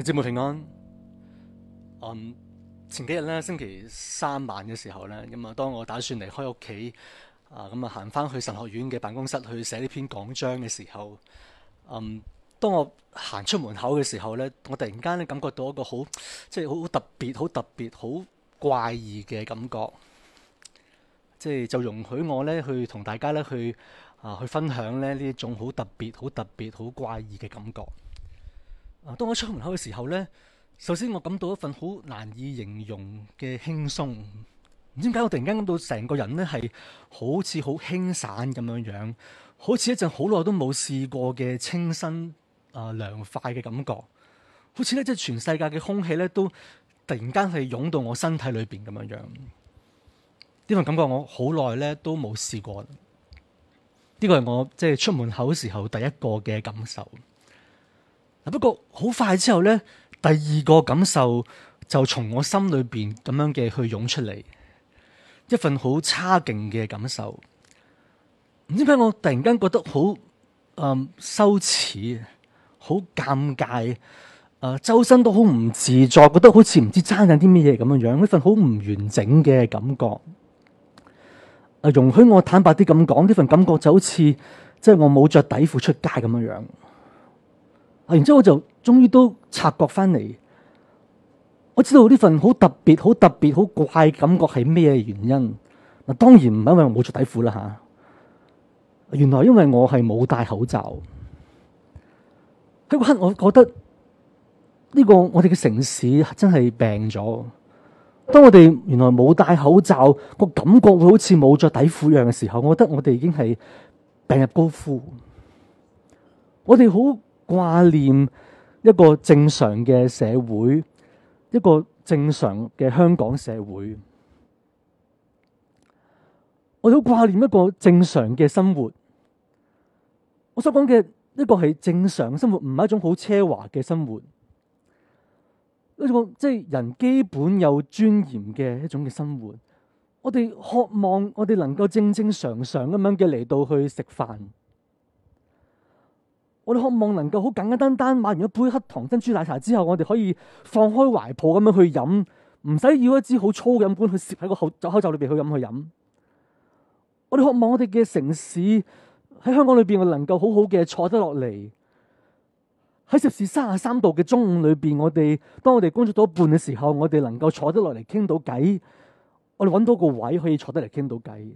你周末平安。嗯，前幾日咧，星期三晚嘅時候咧，咁啊，當我打算離開屋企啊，咁、呃、啊，行、嗯、翻去神學院嘅辦公室去寫呢篇講章嘅時候，嗯，當我行出門口嘅時候咧，我突然間咧感覺到一個好即係好特別、好特別、好怪異嘅感覺。即係就容許我咧去同大家咧去啊、呃、去分享咧呢一種好特別、好特別、好怪異嘅感覺。啊！當我出門口嘅時候咧，首先我感到一份好難以形容嘅輕鬆。唔知點解，我突然間感到成個人咧係好似好輕散咁樣樣，好似一陣好耐都冇試過嘅清新啊、呃、涼快嘅感覺，好似咧即係全世界嘅空氣咧都突然間係湧到我身體裏邊咁樣樣。呢份感覺我好耐咧都冇試過。呢個係我即係、就是、出門口時候第一個嘅感受。不過好快之後咧，第二個感受就從我心裏邊咁樣嘅去湧出嚟，一份好差勁嘅感受。唔知點解我突然間覺得好誒、呃、羞恥，好尷尬，誒、呃、周身都好唔自在，覺得好似唔知爭緊啲乜嘢咁樣樣，一份好唔完整嘅感覺。啊、呃，容許我坦白啲咁講，呢份感覺就好似即係我冇着底褲出街咁樣樣。然之後我就終於都察覺翻嚟，我知道呢份好特別、好特別、好怪感覺係咩原因。嗱，當然唔係因為我冇着底褲啦吓、啊，原來因為我係冇戴口罩。哇，我覺得呢、這個我哋嘅城市真係病咗。當我哋原來冇戴口罩，個感覺會好似冇着底褲樣嘅時候，我覺得我哋已經係病入膏肓。我哋好掛念一個正常嘅社會，一個正常嘅香港社會，我都掛念一個正常嘅生活。我所講嘅一個係正常生活，唔係一種好奢華嘅生活，一個即係人基本有尊嚴嘅一種嘅生活。我哋渴望我哋能夠正正常常咁樣嘅嚟到去食飯。我哋渴望能夠好簡簡單單單買完一杯黑糖珍珠奶茶之後，我哋可以放開懷抱咁樣去飲，唔使要一支好粗嘅飲管去攝喺個口罩罩裏邊去飲去飲。我哋渴望我哋嘅城市喺香港裏邊能夠好好嘅坐得落嚟，喺攝氏三十三度嘅中午裏邊，我哋當我哋工作到一半嘅時候，我哋能夠坐得落嚟傾到偈，我哋揾到個位可以坐得嚟傾到偈。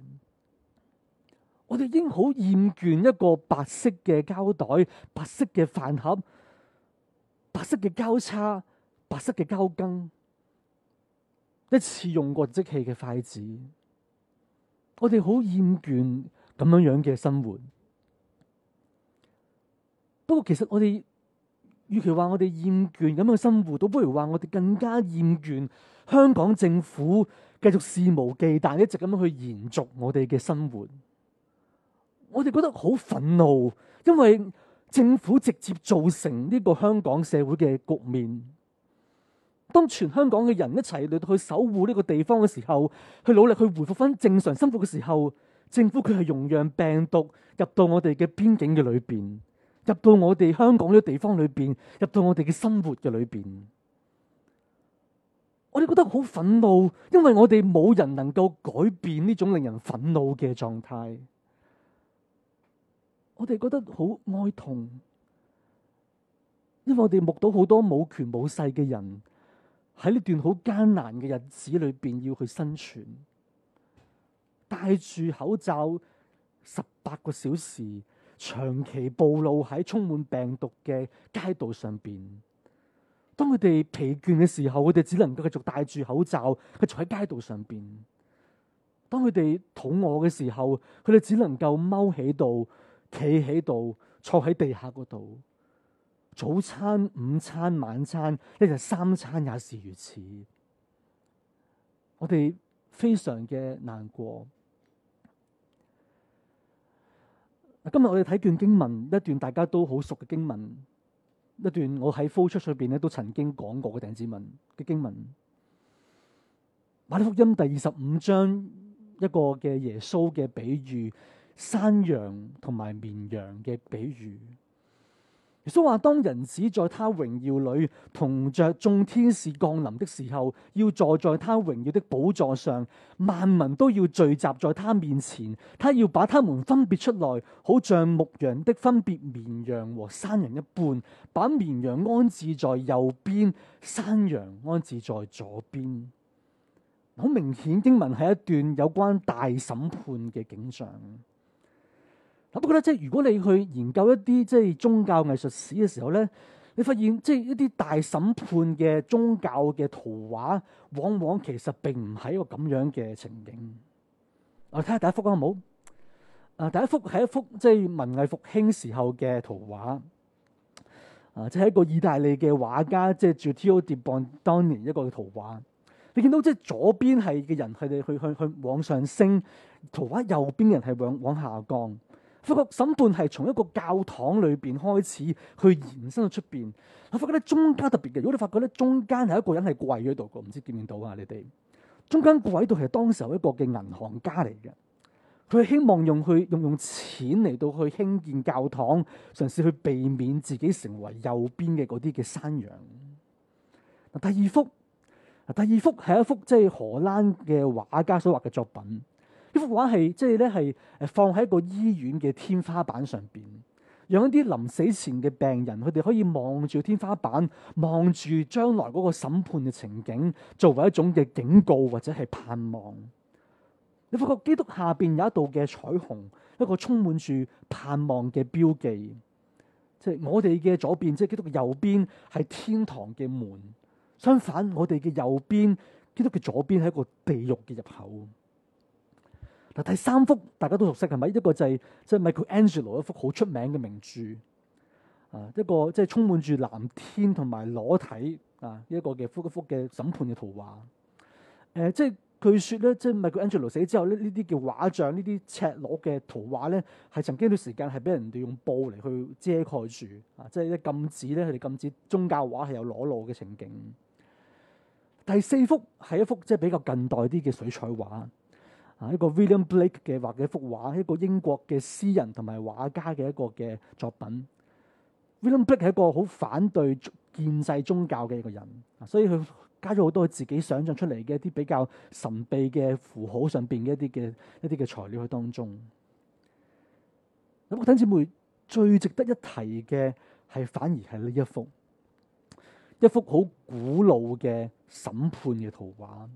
我哋已經好厭倦一個白色嘅膠袋、白色嘅飯盒、白色嘅膠叉、白色嘅膠羹。一次用過即棄嘅筷子，我哋好厭倦咁樣樣嘅生活。不過，其實我哋與其話我哋厭倦咁樣嘅生活，都不如話我哋更加厭倦香港政府繼續肆無忌憚，一直咁樣去延續我哋嘅生活。我哋覺得好憤怒，因為政府直接造成呢個香港社會嘅局面。當全香港嘅人一齊嚟到去守護呢個地方嘅時候，去努力去回復翻正常生活嘅時候，政府佢係容讓病毒入到我哋嘅邊境嘅裏邊，入到我哋香港呢個地方裏邊，入到我哋嘅生活嘅裏邊。我哋覺得好憤怒，因為我哋冇人能夠改變呢種令人憤怒嘅狀態。我哋覺得好哀痛，因為我哋目睹好多冇權冇勢嘅人喺呢段好艱難嘅日子裏邊要去生存， 戴住口罩十八個小時，長期暴露喺充滿病毒嘅街道上邊。當佢哋疲倦嘅時候，佢哋只能夠繼，繼續戴住口罩，佢坐喺街道上邊。當佢哋肚餓嘅時候，佢哋只能夠踎喺度。企喺度，坐喺地下嗰度。早餐、午餐、晚餐，呢就三餐也是如此。我哋非常嘅難過。今日我哋睇段經文一段，大家都好熟嘅經文，一段我喺 focus 裏邊咧都曾經講過嘅。鄭子文嘅經文，馬太福音第二十五章一個嘅耶穌嘅比喻。山羊同埋綿羊嘅比喻，耶穌話：當人子在他榮耀裏同着眾天使降臨的時候，要坐在他榮耀的寶座上，萬民都要聚集在他面前，他要把他們分別出來，好像牧羊的分別綿羊和山羊一般，把綿羊安置在右邊，山羊安置在左邊。好明顯，經文係一段有關大審判嘅景象。我都覺得，即係如果你去研究一啲即係宗教藝術史嘅時候咧，你發現即係一啲大審判嘅宗教嘅圖畫，往往其實並唔係一個咁樣嘅情景。我睇下第一幅好唔好？啊，第一幅係一幅即係、就是、文藝復興時候嘅圖畫啊，即、就、係、是、一個意大利嘅畫家，即係 Giotto di Bondone 當年一個嘅圖畫。你見到即係、就是、左邊係嘅人佢哋去去去往上升，圖畫右邊嘅人係往往下降。發覺審判係從一個教堂裏邊開始，去延伸到出邊。我發覺咧中間特別嘅，如果你發覺咧中間係一個人係跪喺度嘅，唔知見唔見到啊？你哋中間跪喺度係當時候一個嘅銀行家嚟嘅，佢係希望用去用用錢嚟到去興建教堂，嘗試去避免自己成為右邊嘅嗰啲嘅山羊。嗱，第二幅，嗱，第二幅係一幅即係荷蘭嘅畫家所畫嘅作品。呢幅畫係即係咧，係、就、誒、是、放喺一個醫院嘅天花板上邊，讓一啲臨死前嘅病人，佢哋可以望住天花板，望住將來嗰個審判嘅情景，作為一種嘅警告或者係盼望。你發覺基督下邊有一道嘅彩虹，一個充滿住盼望嘅標記。即、就、係、是、我哋嘅左邊，即、就、係、是、基督嘅右邊係天堂嘅門；相反，我哋嘅右邊，基督嘅左邊係一個地獄嘅入口。嗱，第三幅大家都熟悉係咪？是是一個就係、是、即係、就是、Michelangelo 一幅好出名嘅名著，啊，一個即係充滿住藍天同埋裸體啊，一個嘅一幅一幅嘅審判嘅圖畫。誒、呃，即係據說咧，即、就、係、是、Michelangelo 死之後咧，呢啲叫畫像，呢啲赤裸嘅圖畫咧，係曾經一段時間係俾人哋用布嚟去遮蓋住，啊，即係咧禁止咧，佢哋禁止宗教畫係有裸露嘅情景。第四幅係一幅即係比較近代啲嘅水彩畫。一個 William Blake 嘅畫嘅一幅畫，一個英國嘅詩人同埋畫家嘅一個嘅作品。William Blake 係一個好反對建制宗教嘅一個人，所以佢加咗好多佢自己想象出嚟嘅一啲比較神秘嘅符號上邊嘅一啲嘅一啲嘅材料喺當中。咁，弟兄姊妹最值得一提嘅係反而係呢一幅，一幅好古老嘅審判嘅圖畫。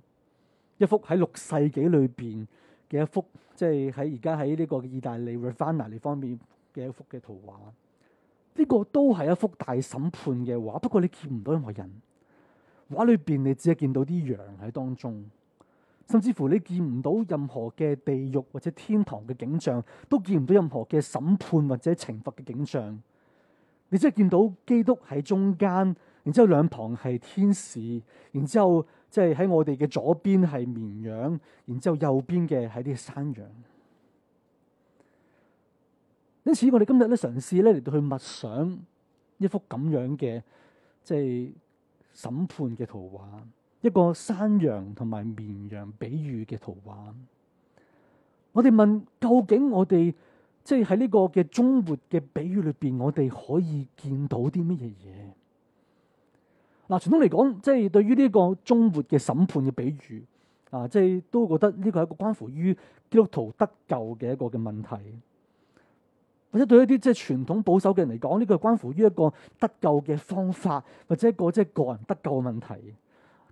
一幅喺六世紀裏邊嘅一幅，即係喺而家喺呢個意大利 Ravenna 呢方面嘅一幅嘅圖畫。呢個都係一幅大審判嘅畫，不過你見唔到任何人。畫裏邊你只係見到啲羊喺當中，甚至乎你見唔到任何嘅地獄或者天堂嘅景象，都見唔到任何嘅審判或者懲罰嘅景象。你只係見到基督喺中間，然之後兩旁係天使，然之後。即係喺我哋嘅左邊係綿羊，然之後右邊嘅係啲山羊。因此，我哋今日咧嘗試咧嚟到去默想一幅咁樣嘅即係審判嘅圖畫，一個山羊同埋綿羊比喻嘅圖畫。我哋問：究竟我哋即係喺呢個嘅中活嘅比喻裏邊，我哋可以見到啲乜嘢嘢？嗱，傳統嚟講，即係對於呢個終末嘅審判嘅比喻，啊，即係都覺得呢個係一個關乎於基督徒得救嘅一個嘅問題，或者對一啲即係傳統保守嘅人嚟講，呢個係關乎於一個得救嘅方法，或者一個即係個人得救嘅問題。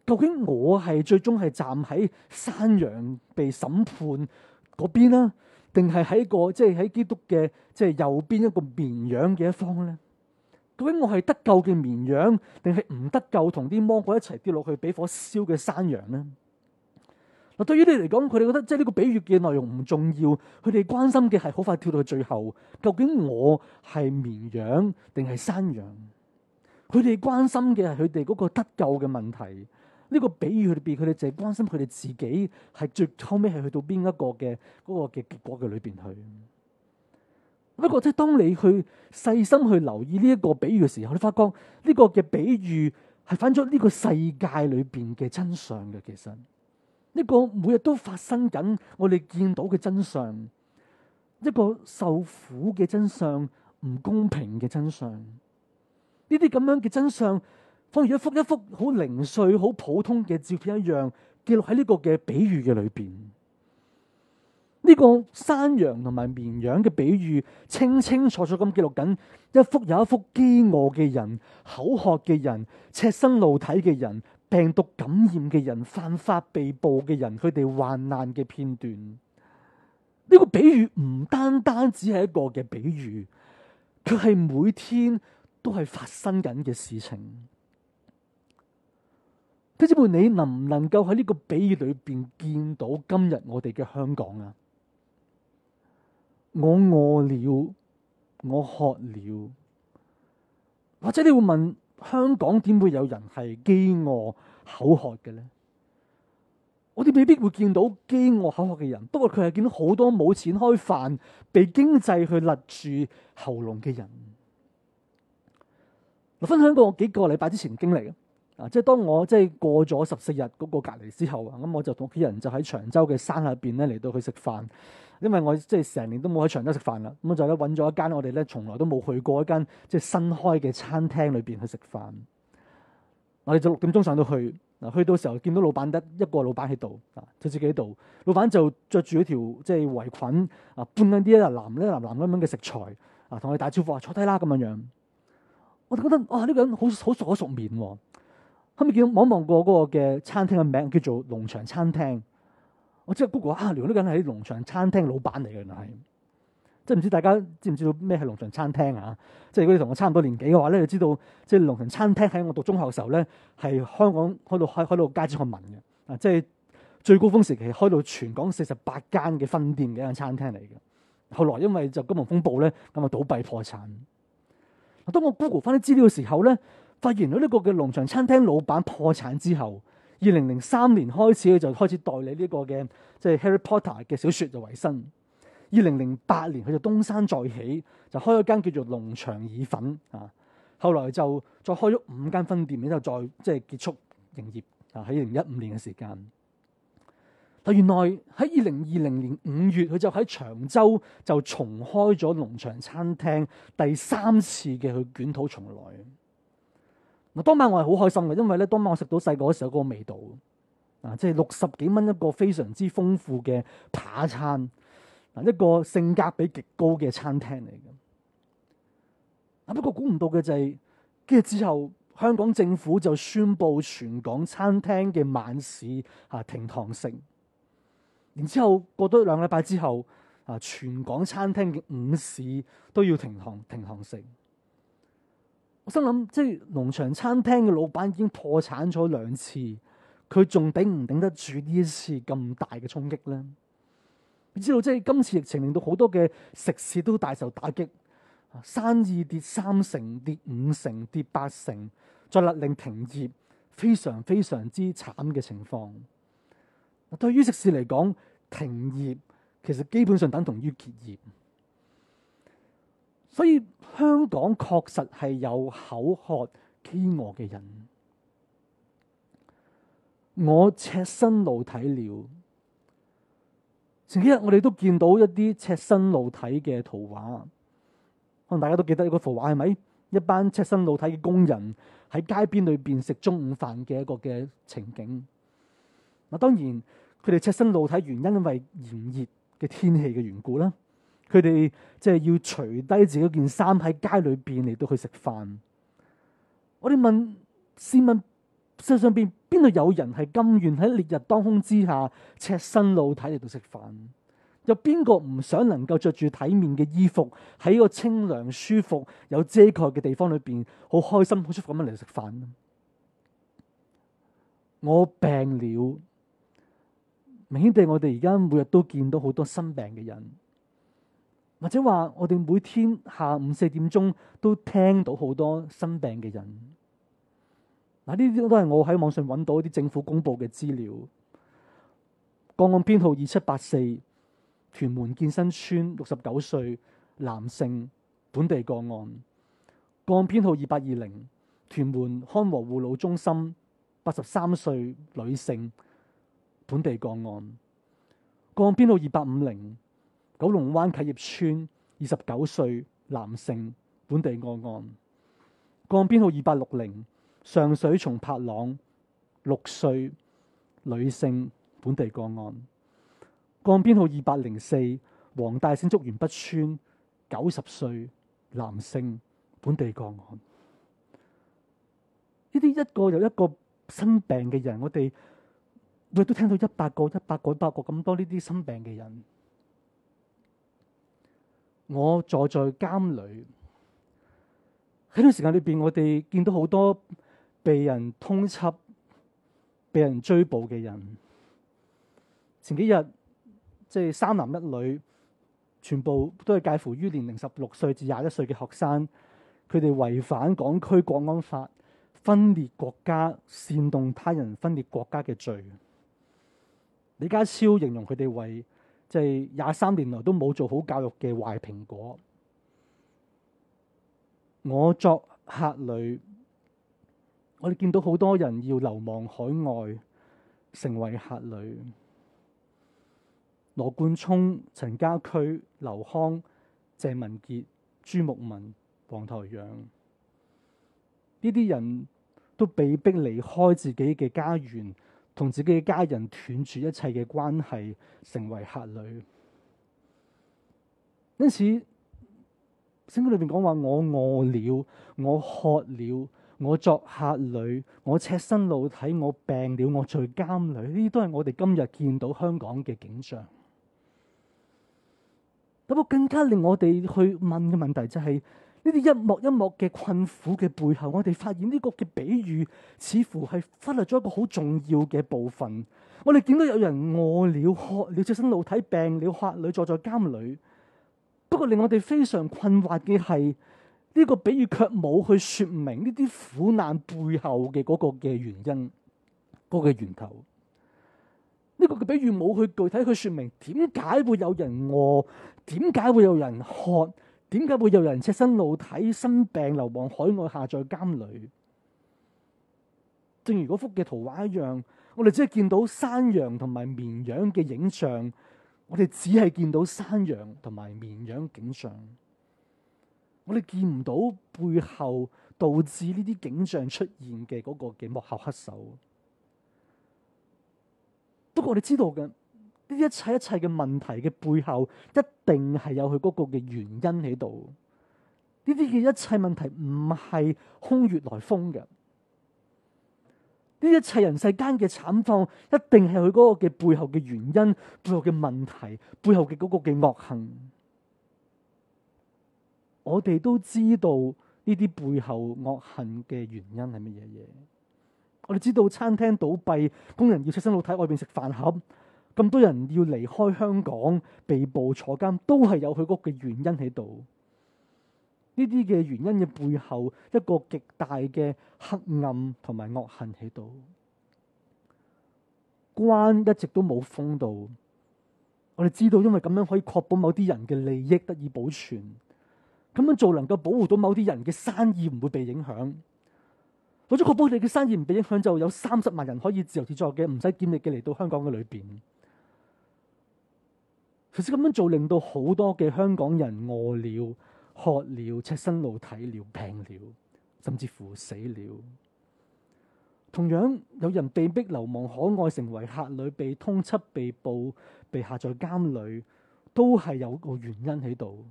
究竟我係最終係站喺山羊被審判嗰邊呢，定係喺個即係喺基督嘅即係右邊一個綿羊嘅一方咧？究竟我係得救嘅綿羊，定係唔得救同啲魔鬼一齊跌落去俾火燒嘅山羊呢？嗱，對於你嚟講，佢哋覺得即係呢個比喻嘅內容唔重要，佢哋關心嘅係好快跳到去最後。究竟我係綿羊定係山羊？佢哋關心嘅係佢哋嗰個得救嘅問題。呢個比喻裏邊，佢哋淨係關心佢哋自己係最後尾係去到邊一個嘅嗰個嘅結果嘅裏邊去。不過，即係當你去細心去留意呢一個比喻嘅時候，你發覺呢個嘅比喻係反咗呢個世界裏邊嘅真相嘅。其實呢個每日都發生緊，我哋見到嘅真相，一個受苦嘅真相、唔公平嘅真相，呢啲咁樣嘅真相，彷如一幅一幅好零碎、好普通嘅照片一樣，記錄喺呢個嘅比喻嘅裏邊。呢個山羊同埋綿羊嘅比喻，清清楚楚咁記錄緊一幅又一幅飢餓嘅人、口渴嘅人、赤身露體嘅人、病毒感染嘅人、犯法被捕嘅人，佢哋患難嘅片段。呢、這個比喻唔單單只係一個嘅比喻，佢係每天都係發生緊嘅事情。弟姐妹，你能唔能夠喺呢個比喻裏邊見到今日我哋嘅香港啊？我餓了，我渴了，或者你會問，香港點會有人係飢餓口渴嘅呢？我哋未必會見到飢餓口渴嘅人，不過佢係見到好多冇錢開飯，被經濟去勒住喉嚨嘅人。分享過我幾個禮拜之前經歷。啊！即係當我即係過咗十四日嗰個隔離之後啊，咁我就同屋企人就喺長洲嘅山下邊咧嚟到去食飯，因為我即係成年都冇喺長洲食飯啦。咁我就咧揾咗一間我哋咧從來都冇去過一間即係新開嘅餐廳裏邊去食飯。我哋就六點鐘上到去嗱，去到時候見到老闆得一個老闆喺度啊，自己喺度。老闆就着住嗰條即係圍裙啊，搬啲一藍一藍藍咁樣嘅食材啊，同我哋打招呼話坐低啦咁樣樣。我就覺得哇！呢、呢個人好好熟，好熟面喎。後屘見望一望個嗰個嘅餐廳嘅名叫做農場餐廳，我即係 Google 啊，原來啲人係農場餐廳老闆嚟嘅原來係，嗯嗯即係唔知大家知唔知道咩係農場餐廳啊？即係如果你同我差唔多年紀嘅話咧，你就知道即係農場餐廳喺我讀中學嘅時候咧，係香港開到開到開到街知巷聞嘅啊！即係最高峰時期開到全港四十八間嘅分店嘅一間餐廳嚟嘅。後來因為就金融風暴咧，咁啊倒閉破產。當我 Google 翻啲資料嘅時候咧。發現到呢個嘅農場餐廳老闆破產之後，二零零三年開始佢就開始代理呢個嘅即係《Harry Potter》嘅小説就為生。二零零八年佢就東山再起，就開咗間叫做農場意粉啊。後來就再開咗五間分店，然之後再即係結束營業啊。喺二零一五年嘅時間，但原來喺二零二零年五月佢就喺長洲就重開咗農場餐廳第三次嘅佢捲土重來。我當晚我係好開心嘅，因為咧當晚我食到細個嗰時候有嗰個味道，啊！即係六十幾蚊一個非常之豐富嘅扒餐，啊，一個性價比極高嘅餐廳嚟嘅。啊，不過估唔到嘅就係、是，跟住之後香港政府就宣布全港餐廳嘅晚市嚇、啊、停堂食，然之後過多兩個禮拜之後啊，全港餐廳嘅午市都要停堂停堂食。我心諗，即係農場餐廳嘅老闆已經破產咗兩次，佢仲頂唔頂得住呢一次咁大嘅衝擊呢？你知道，即係今次疫情令到好多嘅食肆都大受打擊，生意跌三成、跌五成、跌八成，再勒令停業，非常非常之慘嘅情況。對於食肆嚟講，停業其實基本上等同於結業。所以香港確實係有口渴飢餓嘅人。我赤身露體了。前幾日我哋都見到一啲赤身露體嘅圖畫，可能大家都記得呢個圖畫，係咪？一班赤身露體嘅工人喺街邊裏邊食中午飯嘅一個嘅情景。嗱，當然佢哋赤身露體原因係因為炎熱嘅天氣嘅緣故啦。佢哋即係要除低自己件衫喺街裏邊，嚟到去食飯。我哋問，試問，世界上邊邊度有人係甘願喺烈日當空之下赤身露體嚟到食飯？有邊個唔想能夠着住體面嘅衣服，喺個清涼舒服、有遮蓋嘅地方裏邊，好開心、好舒服咁樣嚟食飯？我病了，明顯地我哋而家每日都見到好多生病嘅人。或者話我哋每天下午四點鐘都聽到好多生病嘅人。嗱，呢啲都係我喺網上揾到一啲政府公布嘅資料。個案編號二七八四，屯門健身村六十九歲男性本地個案。個案編號二八二零，屯門康和護老中心八十三歲女性本地個案。個案編號二八五零。九龍灣啟業村二十九歲男性本地個案，個案編號二八六零，上水松柏塱，六歲女性本地個案，個案編號二八零四，黃大仙竹園北村九十歲男性本地個案。呢啲一個又一個生病嘅人，我哋每日都聽到一百個、一百個、一百個咁多呢啲生病嘅人。我坐在監裏，喺段時間裏邊，我哋見到好多被人通緝、被人追捕嘅人。前幾日即係三男一女，全部都係介乎於年齡十六歲至廿一歲嘅學生，佢哋違反港區國安法分裂國家、煽動他人分裂國家嘅罪。李家超形容佢哋為，即係廿三年來都冇做好教育嘅壞蘋果。我作客旅，我哋見到好多人要流亡海外，成為客旅。羅冠聰、陳家駒、劉康、謝文傑、朱木文、黃台仰，呢啲人都被迫離開自己嘅家園。同自己嘅家人斷絕一切嘅關係，成為客旅。因此，聖經裏邊講話：我餓了，我渴了，我作客旅，我赤身露體，我病了，我在監裏。」呢啲都係我哋今日見到香港嘅景象。不過我更加令我哋去問嘅問題就係、是。呢啲一幕一幕嘅困苦嘅背後，我哋發現呢個嘅比喻似乎係忽略咗一個好重要嘅部分。我哋見到有人餓了、渴了、隻身露體病、病了、客旅坐在監裏。不過令我哋非常困惑嘅係，呢個比喻卻冇去說明呢啲苦難背後嘅嗰個嘅原因，嗰、嗰個源頭。呢、呢個嘅比喻冇去具體去說明點解會有人餓，點解會有人渴。點解會有人赤身露體、生病流亡海外、下在監裏？正如嗰幅嘅圖畫一樣，我哋只係見到山羊同埋綿羊嘅影像，我哋只係見到山羊同埋綿羊景象，我哋見唔到背後導致呢啲景象出現嘅嗰個嘅幕後黑手。不過我哋知道嘅。呢一切一切嘅問題嘅背後，一定係有佢嗰個嘅原因喺度。呢啲嘅一切問題唔係空穴來風嘅。呢一切人世間嘅慘況，一定係佢嗰個嘅背後嘅原因，背後嘅問題，背後嘅嗰個嘅惡行。我哋都知道呢啲背後惡行嘅原因係乜嘢嘢。我哋知道餐廳倒閉，工人要出身老體外邊食飯盒。咁多人要離開香港，被捕坐監，都係有佢嗰個原因喺度。呢啲嘅原因嘅背後，一個極大嘅黑暗同埋惡行喺度。關一直都冇封到。我哋知道，因為咁樣可以確保某啲人嘅利益得以保存。咁樣做能夠保護到某啲人嘅生意唔會被影響。或者確保你嘅生意唔被影響，就有三十萬人可以自由自在嘅唔使檢疫嘅嚟到香港嘅裏邊。其實咁樣做，令到好多嘅香港人餓了、渴了、赤身露體了、病了，甚至乎死了。同樣有人被逼流亡海外，成為客旅，被通緝、被捕、被下在監裏，都係有個原因喺度。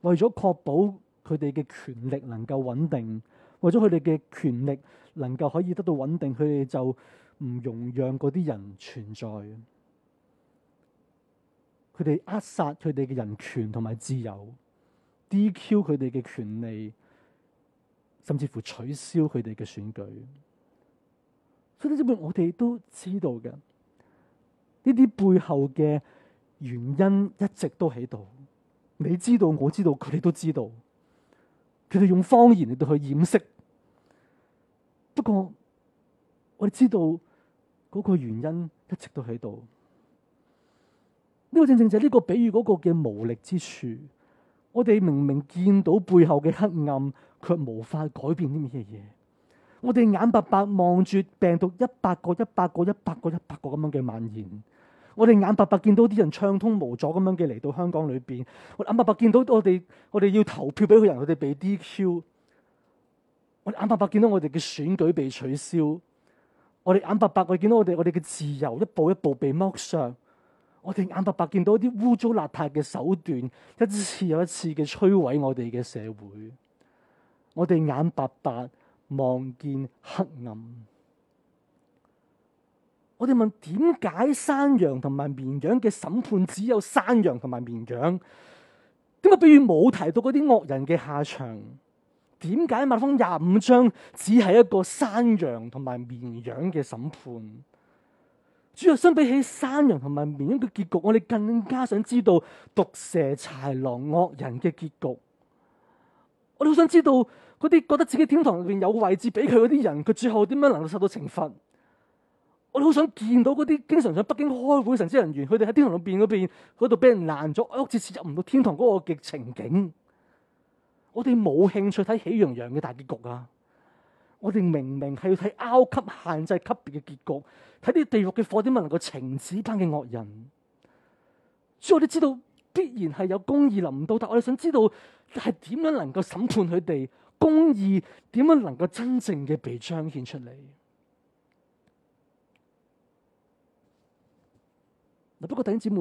為咗確保佢哋嘅權力能夠穩定，為咗佢哋嘅權力能夠可以得到穩定，佢哋就唔容讓嗰啲人存在。佢哋扼殺佢哋嘅人權同埋自由，DQ 佢哋嘅權利，甚至乎取消佢哋嘅選舉。所以呢啲嘢我哋都知道嘅，呢啲背後嘅原因一直都喺度。你知道，我知道，佢哋都知道。佢哋用方言嚟到去掩飾，不過我哋知道嗰個原因一直都喺度。呢個正正就係呢個比喻嗰個嘅無力之處。我哋明明見到背後嘅黑暗，卻無法改變啲咩嘢。我哋眼白白望住病毒一百個、一百個、一百個、一百個咁樣嘅蔓延。我哋眼白白見到啲人暢通無阻咁樣嘅嚟到香港裏邊。我哋眼白白見到我哋我哋要投票俾佢人，我哋被 DQ。我哋眼白白見到我哋嘅選舉被取消。我哋眼白白我見到我哋我哋嘅自由一步一步被剝削。我哋眼白白見到一啲污糟邋遢嘅手段，一次又一次嘅摧毀我哋嘅社會。我哋眼白白望見黑暗。我哋問：點解山羊同埋綿羊嘅審判只有山羊同埋綿羊？點解比喻冇提到嗰啲惡人嘅下場？點解馬太廿五章只係一個山羊同埋綿羊嘅審判？主要相比起山羊同埋綿羊嘅結局，我哋更加想知道毒蛇、豺狼、惡人嘅結局。我哋好想知道嗰啲覺得自己天堂入邊有位置俾佢嗰啲人，佢最後點樣能夠受到懲罰。我哋好想見到嗰啲經常喺北京開會嘅神職人員，佢哋喺天堂裡裡、呃、入邊嗰邊嗰度俾人攔咗，好似切入唔到天堂嗰個嘅情景。我哋冇興趣睇喜羊羊嘅大結局啊！我哋明明係要睇 R 級限制級別嘅結局，睇啲地獄嘅火點樣能夠懲治班嘅惡人。所以我哋知道必然係有公義臨到，但我哋想知道係點樣能夠審判佢哋？公義點樣能夠真正嘅被彰顯出嚟？嗱，不過弟兄姊妹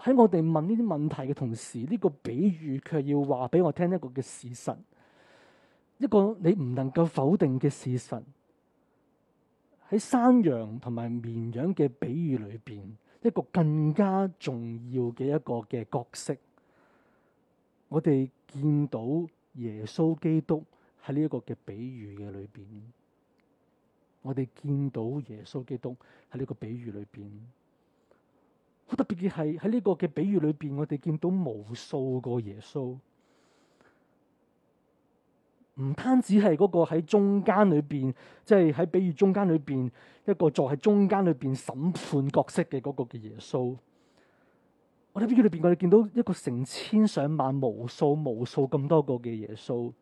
喺我哋問呢啲問題嘅同時，呢個比喻卻要話俾我聽一個嘅事實。一個你唔能夠否定嘅事實，喺山羊同埋綿羊嘅比喻裏邊，一個更加重要嘅一個嘅角色，我哋見到耶穌基督喺呢一個嘅比喻嘅裏邊，我哋見到耶穌基督喺呢個比喻裏邊，好特別嘅係，喺呢個嘅比喻裏邊，我哋見到無數個耶穌。唔單止係嗰個喺中間裏邊，即係喺比喻中間裏邊一個坐喺中間裏邊審判角色嘅嗰個嘅耶穌。我哋比喻裏邊，我哋見到一個成千上萬、無數無數咁多個嘅耶穌，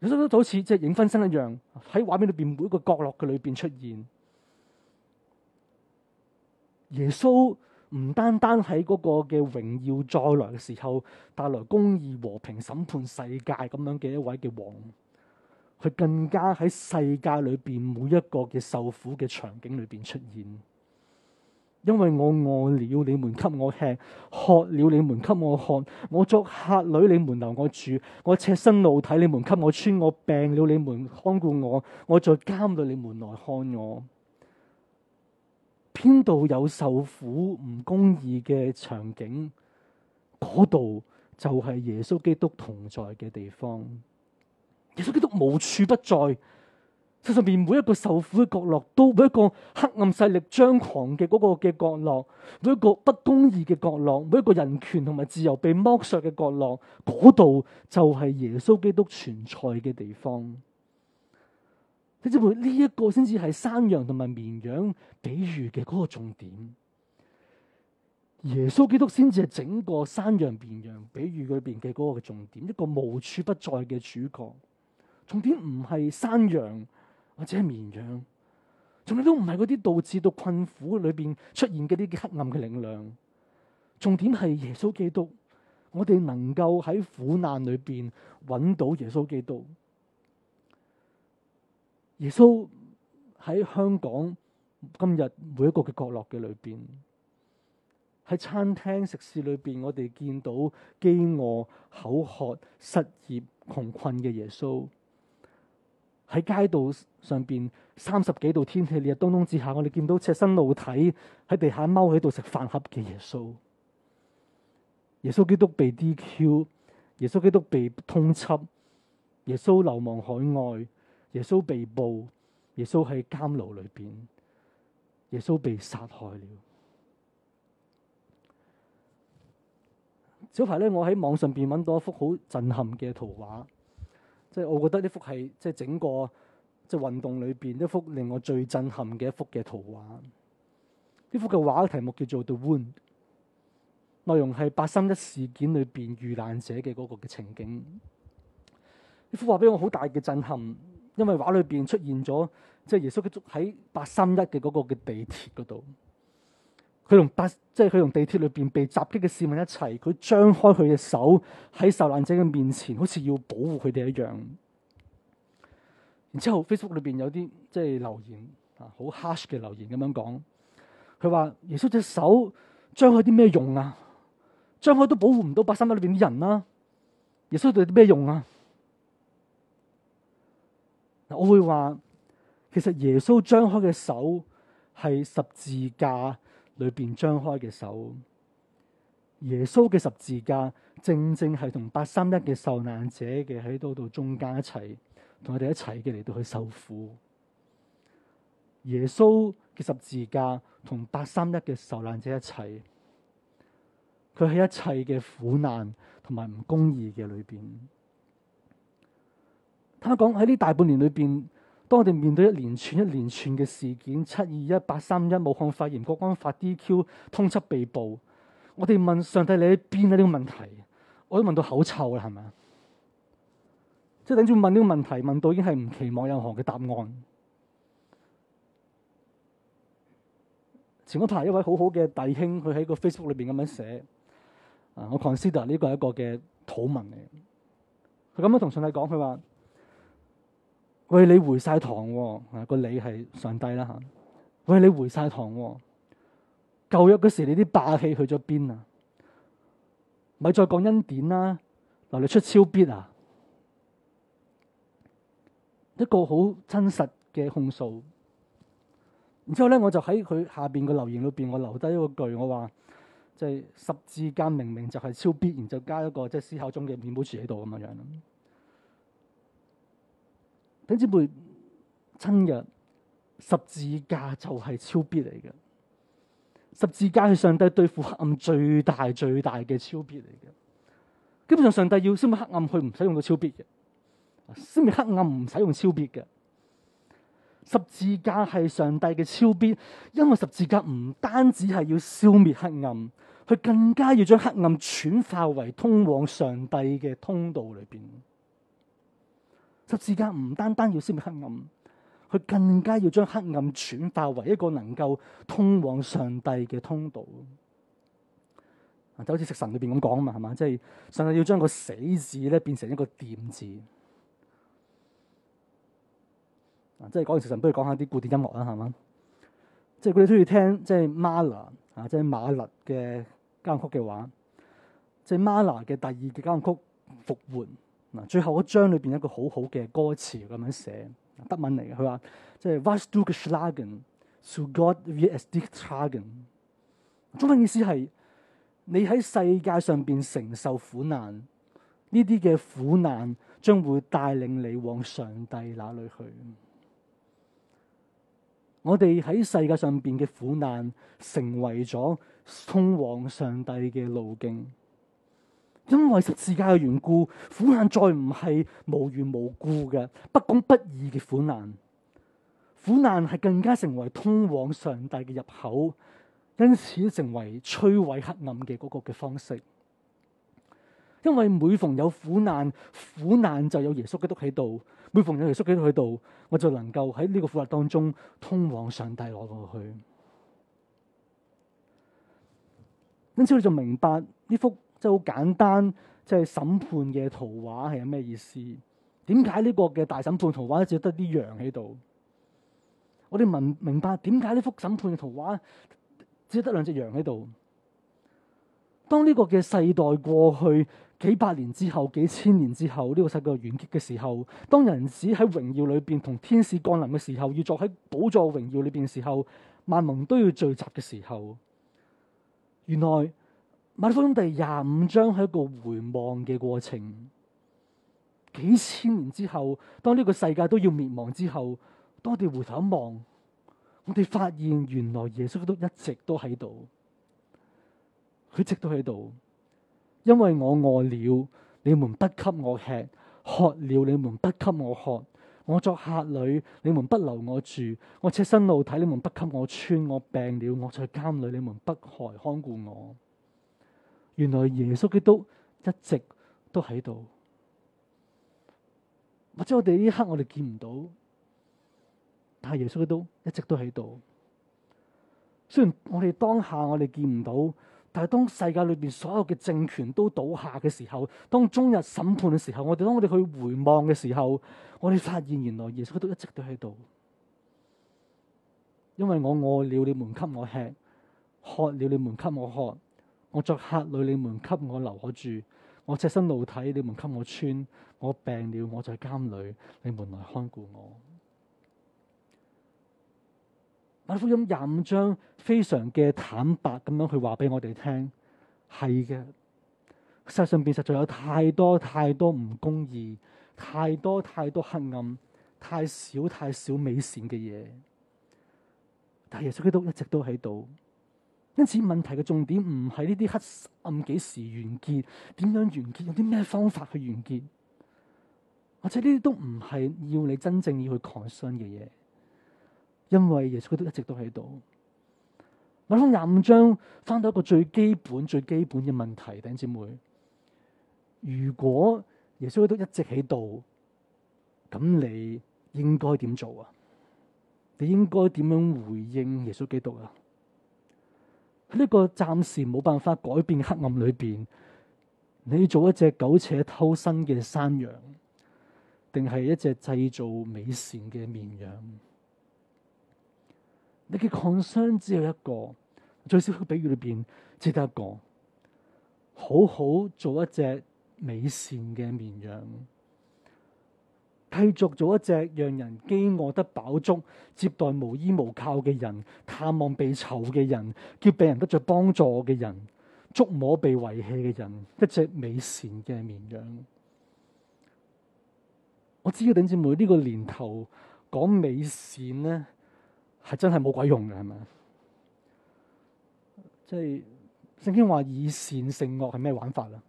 耶穌就好似即係影分身一樣，喺畫面裏邊每一個角落嘅裏邊出現耶穌。唔單單喺嗰個嘅榮耀再來嘅時候，帶來公義和平審判世界咁樣嘅一位嘅王，佢更加喺世界裏邊每一個嘅受苦嘅場景裏邊出現。因為我餓了，你們給我吃；渴了，你們給我喝；我作客旅，你們留我住；我赤身露體，你們給我穿；我病了，你們看顧我；我在監裏，你們來看我。邊度有受苦唔公義嘅場景，嗰度就係耶穌基督同在嘅地方。耶穌基督無處不在，世上邊每一個受苦嘅角落，都每一個黑暗勢力張狂嘅嗰個嘅角落，每一個不公義嘅角落，每一個人權同埋自由被剝削嘅角落，嗰度就係耶穌基督存在嘅地方。呢一個先至係山羊同埋綿羊比喻嘅嗰個重點，耶穌基督先至係整個山羊綿羊比喻裏邊嘅嗰個重點，一個無處不在嘅主角。重點唔係山羊或者係綿羊，重點都唔係嗰啲導致到困苦裏邊出現嘅啲黑暗嘅力量。重點係耶穌基督，我哋能夠喺苦難裏邊揾到耶穌基督。耶穌喺香港今日每一個嘅角落嘅裏邊，喺餐廳食肆裏邊，我哋見到飢餓、口渴、失業、窮困嘅耶穌；喺街道上邊，三十幾度天氣烈日當空之下，我哋見到赤身露體喺地下踎喺度食飯盒嘅耶穌。耶穌基督被 DQ，耶穌基督被通緝，耶穌流亡海外。耶穌被捕，耶穌喺監牢裏邊，耶穌被殺害了。前排咧，我喺網上邊揾到一幅好震撼嘅圖畫，即係我覺得呢幅係即係整個即係運動裏邊一幅令我最震撼嘅一幅嘅圖畫。呢幅嘅畫嘅題目叫做《The Wound》，內容係八三一事件裏邊遇難者嘅嗰個嘅情景。呢幅畫俾我好大嘅震撼。因為畫裏邊出現咗，即係耶穌喺八三一嘅嗰個嘅地鐵嗰度，佢同八，即係佢同地鐵裏邊被襲擊嘅市民一齊，佢張開佢嘅手喺受難者嘅面前，好似要保護佢哋一樣。然之後 Facebook 裏邊有啲即係留言啊，好 hush 嘅留言咁樣講，佢話耶穌隻手張開啲咩用啊？張開都保護唔到八三一裏邊啲人啦。耶穌對啲咩用啊？我會話，其實耶穌張開嘅手係十字架裏邊張開嘅手。耶穌嘅十字架正正係同八三一嘅受難者嘅喺度度中間一齊，同佢哋一齊嘅嚟到去受苦。耶穌嘅十字架同八三一嘅受難者一齊，佢喺一切嘅苦難同埋唔公義嘅裏邊。他講喺呢大半年裏邊，當我哋面對一連串一連串嘅事件，七二一、八三一、武漢肺炎、國安法 DQ、Q，通緝被捕，我哋問上帝你喺邊呢？呢、這個問題我都問到口臭啦，係咪啊？即、就、係、是、等住問呢個問題，問到已經係唔期望任何嘅答案。前嗰排一位好好嘅弟兄，佢喺個 Facebook 裏邊咁樣寫：，啊，我 consider 呢個係一個嘅禱文嚟嘅。佢咁樣同上帝講，佢話。喂，你回晒堂喎、哦，啊個你係上帝啦吓、啊，喂你回晒堂喎、哦，舊約嗰時你啲霸氣去咗邊啊？咪再講恩典啦，嗱你出超必啊，一個好真實嘅控訴。然之後咧，我就喺佢下邊個留言裏邊，我留低一個句，我話即係十字架明明就係超必，然就加一個即係、就是、思考中嘅彌保持喺度咁樣樣。等之輩，真日十字架就係超必嚟嘅。十字架係上帝對付黑暗最大、最大嘅超必嚟嘅。基本上，上帝要消滅黑暗，佢唔使用到超必嘅。消滅黑暗唔使用,用超必嘅。十字架係上帝嘅超必，因為十字架唔單止係要消滅黑暗，佢更加要將黑暗轉化為通往上帝嘅通道裏面。十字架唔單單要消滅黑暗，佢更加要將黑暗轉化為一個能夠通往上帝嘅通道。就好似食神裏邊咁講啊嘛，係嘛，即係上帝要將個死字咧變成一個電字。啊，即係講完食神不如講下啲古典音樂啦，係嘛？即係如果你中意聽即係馬勒啊，即係馬勒嘅交響曲嘅話，即係馬勒嘅第二嘅交響曲《復活》。嗱，最後一張裏邊一個好好嘅歌詞咁樣寫，德文嚟嘅，佢話即係 was durch Schlagen zu Gott wirst tragen。中文意思係你喺世界上邊承受苦難，呢啲嘅苦難將會帶領你往上帝那裏去。我哋喺世界上邊嘅苦難，成為咗通往上帝嘅路徑。因為十字架嘅緣故，苦難再唔係無緣無故嘅不公不義嘅苦難，苦難係更加成為通往上帝嘅入口，因此成為摧毀黑暗嘅嗰個嘅方式。因為每逢有苦難，苦難就有耶穌基督喺度；每逢有耶穌基督喺度，我就能夠喺呢個苦難當中通往上帝攞過去。因此，你就明白呢幅。即係好簡單，即係審判嘅圖畫係有咩意思？點解呢個嘅大審判圖畫只得啲羊喺度？我哋明明白點解呢幅審判嘅圖畫只得兩隻羊喺度？當呢個嘅世代過去幾百年之後，幾千年之後，呢、這個世界完結嘅時候，當人子喺榮耀裏邊同天使降臨嘅時候，要坐喺寶座榮耀裏邊嘅時候，萬民都要聚集嘅時候，原來。馬太福音第廿五章係一個回望嘅過程。幾千年之後，當呢個世界都要滅亡之後，當我哋回頭一望，我哋發現原來耶穌都一直都喺度。佢一直都喺度，因為我餓了，你們不給我吃；渴了，你們不給我喝；我作客旅，你們不留我住；我赤身露體，你們不給我穿；我病了，我在監裡，你們不害看顧我。原來耶穌基督一直都喺度，或者我哋呢一刻我哋見唔到，但係耶穌基督一直都喺度。雖然我哋當下我哋見唔到，但係當世界裏邊所有嘅政權都倒下嘅時候，當中日審判嘅時候，我哋當我哋去回望嘅時候，我哋發現原來耶穌基督一直都喺度。因為我餓了，你們給我吃；渴了，你們給我喝。我作客旅，你們給我留我住；我赤身露體，你們給我穿；我病了，我在監裏，你們來看顧我。馬太福音廿五章非常嘅坦白咁樣去話俾我哋聽，係嘅。世上邊實在有太多太多唔公義，太多太多黑暗，太少太少美善嘅嘢，但耶穌基督一直都喺度。因此，問題嘅重點唔係呢啲黑暗幾時完結，點樣完結，用啲咩方法去完結，或者呢啲都唔係要你真正要去關心嘅嘢，因為耶穌基督一直都喺度。馬太廿五章返到一個最基本、最基本嘅問題，弟姐妹，如果耶穌基督一直喺度，咁你應該點做啊？你應該點樣回應耶穌基督啊？呢個暫時冇辦法改變黑暗裏邊，你做一隻苟且偷生嘅山羊，定係一隻製造美善嘅綿羊？你嘅抗爭只有一個，最少個比喻裏邊只得一個，好好做一隻美善嘅綿羊。繼續做一隻讓人飢餓得飽足、接待無依無靠嘅人、探望被囚嘅人、叫病人得着幫助嘅人、觸摸被遺棄嘅人，一隻美善嘅綿羊。我知道弟兄姊妹呢、呢個年頭講美善呢，係真係冇鬼用嘅，係咪？即係聖經話以善勝惡係咩玩法啊？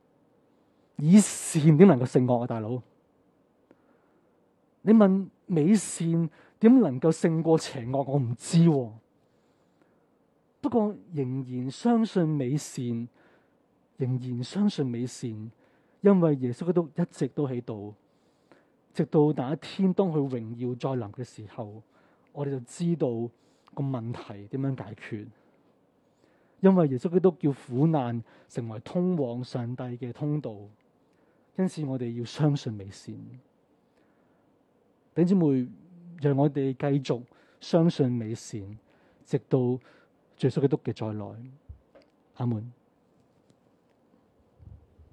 以善點能夠勝惡啊，大佬？你問美善點能夠勝過邪惡？我唔知。不過仍然相信美善，仍然相信美善，因為耶穌基督一直都喺度，直到那一天當佢榮耀再臨嘅時候，我哋就知道個問題點樣解決。因為耶穌基督叫苦難成為通往上帝嘅通道，因此我哋要相信美善。弟兄姊妹，讓我哋繼續相信美善，直到耶穌基督嘅再來。阿門。